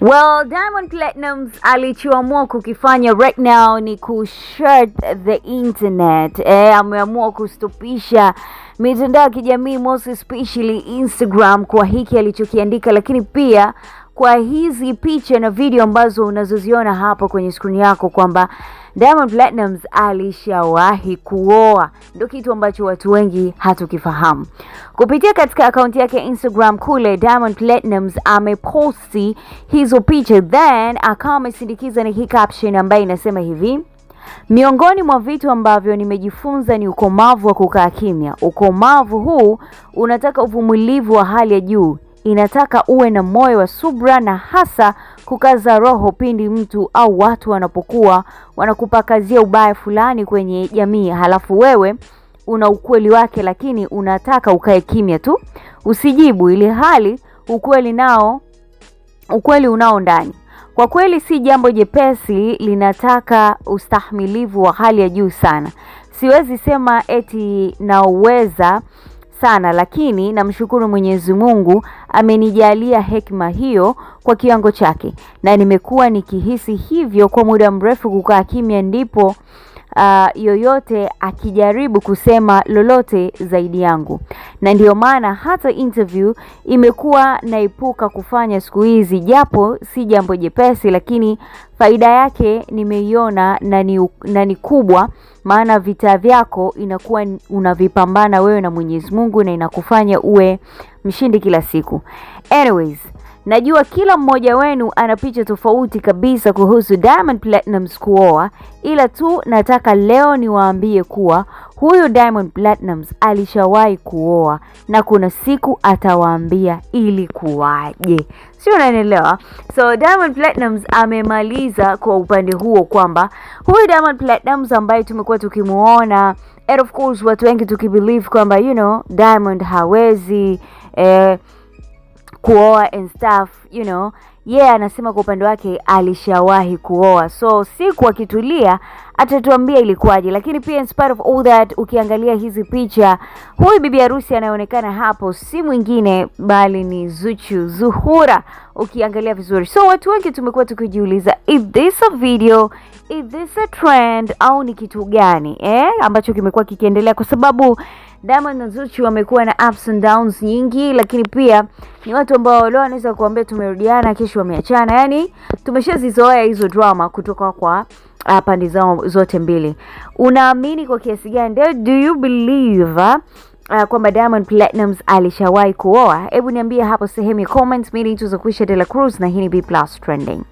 Well, Diamond Platnumz alichoamua kukifanya right now ni kushirt the internet. Eh, ameamua kustopisha mitandao ya kijamii most especially Instagram kwa hiki alichokiandika, lakini pia kwa hizi picha na video ambazo unazoziona hapo kwenye skrini yako kwamba Diamond Platnumz alishawahi kuoa, ndio kitu ambacho watu wengi hatukifahamu. Kupitia katika akaunti yake Instagram kule, Diamond Platnumz ameposti hizo picha, then akawa amesindikiza na hii caption ambayo inasema hivi: Miongoni mwa vitu ambavyo nimejifunza ni ukomavu wa kukaa kimya. Ukomavu huu unataka uvumilivu wa hali ya juu inataka uwe na moyo wa subra na hasa kukaza roho pindi mtu au watu wanapokuwa wanakupakazia ubaya fulani kwenye jamii, halafu wewe una ukweli wake, lakini unataka ukae kimya tu, usijibu, ili hali ukweli nao ukweli unao ndani. Kwa kweli si jambo jepesi, linataka ustahimilivu wa hali ya juu sana. Siwezi sema eti naweza sana, lakini namshukuru Mwenyezi Mungu amenijalia hekima hiyo kwa kiwango chake, na nimekuwa nikihisi hivyo kwa muda mrefu. Kukaa kimya ndipo uh, yoyote akijaribu kusema lolote zaidi yangu, na ndiyo maana hata interview imekuwa naepuka kufanya siku hizi, japo si jambo jepesi, lakini faida yake nimeiona na ni, na ni kubwa, maana vita vyako inakuwa unavipambana wewe na Mwenyezi Mungu na inakufanya uwe mshindi kila siku. Anyways, Najua kila mmoja wenu ana picha tofauti kabisa kuhusu Diamond Platnumz kuoa, ila tu nataka leo niwaambie kuwa huyu Diamond Platnumz alishawahi kuoa na kuna siku atawaambia ili kuwaje, sio? Unanielewa? So Diamond Platnumz amemaliza kwa upande huo kwamba huyu Diamond Platnumz ambaye tumekuwa tukimuona and of course watu wengi tukibelieve kwamba you know Diamond hawezi eh, kuoa and stuff you know yeye yeah, anasema kwa upande wake alishawahi kuoa, so siku akitulia atatuambia ilikuwaje. Lakini pia in spite of all that, ukiangalia hizi picha, huyu bibi harusi anayeonekana hapo si mwingine bali ni Zuchu Zuhura, ukiangalia vizuri. So watu wengi tumekuwa tukijiuliza if this a video, if this a trend, au ni kitu gani eh, ambacho kimekuwa kikiendelea kwa sababu Diamond na Zuchu wamekuwa na ups and downs nyingi, lakini pia ni watu ambao leo wanaweza kuambia tumerudiana, kesho wameachana. Yani tumeshazizoea hizo drama kutoka kwa ah, pande zao zote mbili. Unaamini kwa kiasi gani, do you believe uh, kwamba Diamond Platnumz alishawahi kuoa? Hebu niambie hapo sehemu ya comments. Mimi ni Tuzo Kwisha de la Cruz na hii ni B Plus Trending.